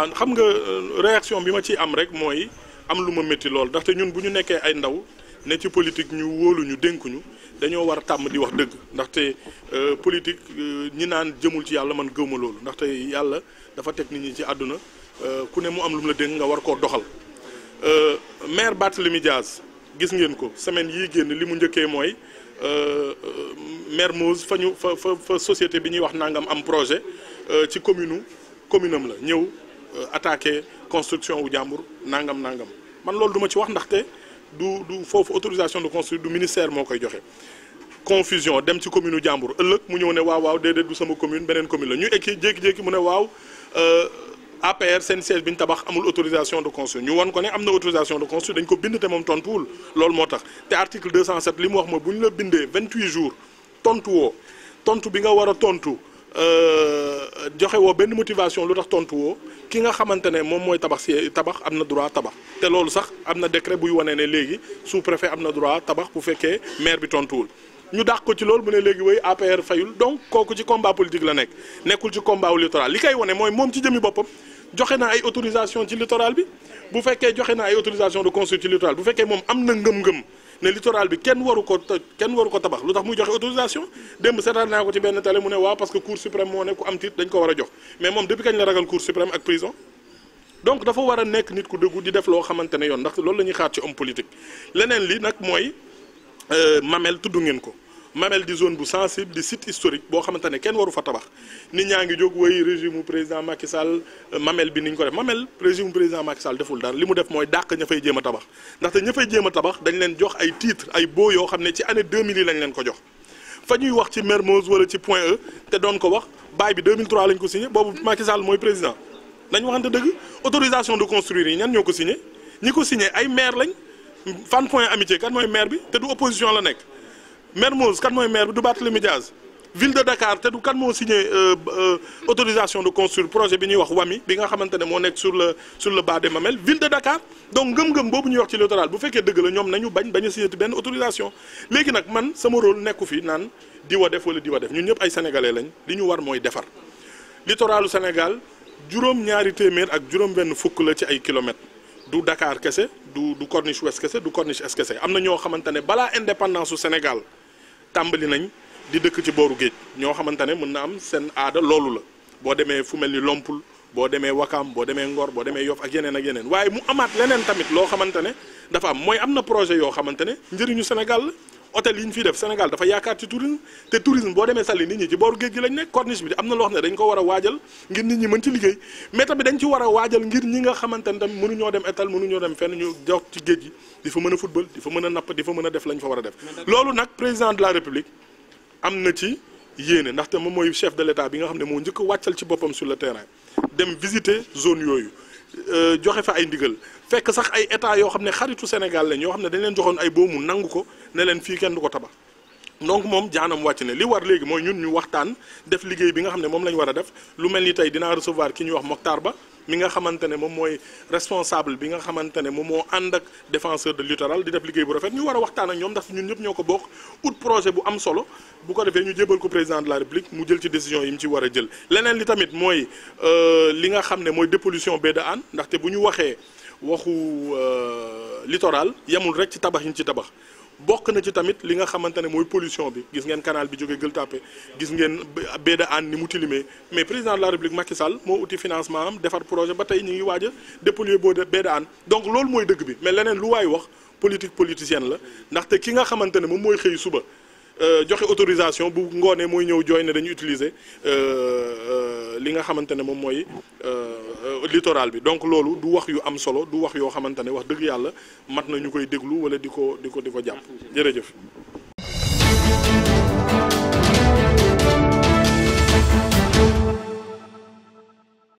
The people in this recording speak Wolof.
ah xam nga euh, réaction bi ma ci am rek mooy am lu ma métti lool ndaxte ñun bu ñu nekkee ay ndaw ne ci politique ñu wóolu ñu dénku ñu dañoo war a tàmm di wax dëgg ndaxte euh, politique euh, ñi naan jëmul ci yàlla man gëwma loolu ndaxte yàlla dafa teg nit ñi ci àdduna ku ne mu am lu mu la dénk nga war koo doxal maire Barthélémy Dias gis ngeen ko semaine yii génn li mu njëkkee mooy maire Mermoz fa ñu fa société bi ñuy wax nangam am projet ci commune commune am la ñëw Euh, attaquer construction ou jàmbur nangam nangam man lolou du ci wax ndaxte du du fofu autorisation de construire du ministère moo koy joxe confusion dem ci commune u euleuk mu ñëw ne waaw waaw dédé du sama commune benen commune la ñu éki jékki-jékki mu ne waaw euh, APR seen siège bi tabax amul autorisation de construire ñu won ko ne amna autorisation de construire dañ ko bind te moom tontuwul loolu moo tax article 207 limu wax mooy buñ la bindé 28 jours tontu woo tontu bi nga wara tontu. Euh, joxé wo benn motivation lutax tax tontu woo ki nga xamante mom moy tabax tabax amna droit tabax té loolu sax amna décret bu yone né légui sous préfet amna droit tabax bu féké maire bi tontuwul. ñu dàq ko ci loolu mu ne léegi wéy APR fayul donc koku ci combat politique la nekk nekkul ci combat wu likay woné moy mom ci jëmi bopam joxe na ay autorisation ci littoral bi bu fekkee joxe na ay autorisation de construire ci littoral bu fekkee mom amna na ngëm-ngëm ne littoral bi kenn waru ko kenn waru ko tabax lutax tax muy joxe autorisation démb seetaan naa ko ci benn télé mu ne waaw parce que cour suprême moo ne ku am titre dañ ko wara jox mais mom depuis kagn la ragal cour suprême ak prison donc dafa wara nek nit ku dëggu di def lo xamantene yon ndax loolu lañuy ñuy xaar ci homme politique leneen li nak moy euh mamel tuddu ngeen ko Mamel di zone bu sensible di site historique bo xamantane ne waru fa tabax nit ñangi jog le régime président Macky Sall euh, Mamel bi niñ ko def Mamel régime président Macky Sall deful dara limu def moy dak ña fay tabax ndax tabax dañ leen jox ay titre ay yo xamne ci année 2000 lañ leen ko jox fa ñuy wax ci Mermoz wala ci Point E te doon ko wax baay bi 2003 lañ ko signé bobu Macky Sall moy président autorisation de construire ñan signé signé ay maire lañ Fan Point Amitié kan maire opposition la nek Mermoz kan mooy maire de du Barthélémy Diaz ville de Dakar te du kan moo signé euh, euh, autorisation de construire projet biñu wax Wami bi nga xamante mo nek sur le sur le bas des Mamelles ville de Dakar donc ngëm-ngëm bobu ñu wax ci littoral bu féké deug la ñom nañu bañ bañ signé benn autorisation léegi nak man sama rôle nekku fi nan, di wa def wala di wa def ñun ñëpp ay sénégalais lañ li ñu war mooy defar littoralu Sénégal juróom ñaari témèr ak juróom benn fukk la ci ay kilomètres du Dakar kessé, du du corniche ouest kessé, du corniche est kessé. Amna ño ñoo bala indépendance au Sénégal tàmbali nañ di dëkk ci booru géej ñoo xamante ne mën na am seen aada loolu la boo demee fu mel ni Lompul boo demee Wakaam boo demee Ngor boo demee Yof ak yeneen ak yeneen waaye mu amaat leneen tamit loo xamante ne dafa am mooy am na projet yoo xamante ne njëriñu Sénégal hôtel yi ñu fiy def Sénégal dafa yaakaar ci tourisme te tourisme boo demee sàlli nit ñi ci booru géej gi lañ nekk corniche bi am na loo ko war a waajal ngir nit ñi mën ci liggéey mais tamit dañ ci war a waajal ngir ñi nga xamante ne tamit mënuñoo dem étal mënuñoo dem fenn ñu jox ci géej gi di fa mën a football di fa mën a napp di fa mën a def lañ fa war a def loolu nag président de la république am na ci yéene ndaxte moom mooy chef de l'état bi nga xam ne moo njëkk wàccal ci boppam sur le terrain dem visiter zone yooyu Euh, joxe fa ay ndigal fekk sax ay état yoo xam ne xaritu Sénégal lañ yoo xam ne dañ leen joxoon ay boomu nangu ko ne leen fii kenn du ko tabax donc moom jaanam wàcc ne li war léegi mooy ñun ñu waxtaan def liggéey bi nga xam ne moom la ñu war a def lu mel ni tey dinaa recevoir ki ñuy wax Moctar Ba mi nga xamante ne responsable bi nga xamante ne moom ak défenseur de littoral di def liggéey bu rafet ñu war a waxtaan ak ñoom ndax ñun ñëpp projet bu am solo bu ko venir ñu jébal ko président de la république mu jël ci décision yi mu ci war a jël linga li tamit euh, li nga xam ne dépollution baie de nakte ndaxte bu ñu waxee euh, littoral yamul rek ci tabax yi ñu ci tabax bokk na ci tamit li nga xamante moy pollution bi gis ngeen canal bi joge Gueule Tapée gis ngeen baie de ni mu mais président de la République Macky Sall mo outil financement am défar projet ba tey ñu ngi waaj a dépolluer baie de Hann donc lool moy dëgg bi mais leneen lu way wax politique politicienne la ndax ndaxte ki nga xamante mom moy xey suba euh joxe autorisation bu ngone moy ñëw jooy ne dañu utiliser euh euh li nga xamante mom moy euh Euh, littoral bi donc loolu du wax yu am solo du wax yoo xamante ne wax dëgg yàlla mat na ñu koy déglu wala di ko di ko di ko jàpp jërëjëf